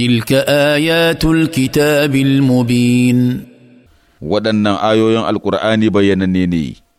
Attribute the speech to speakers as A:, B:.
A: تلك آيات الكتاب المبين ودنا آيوين القرآن بيانا نيني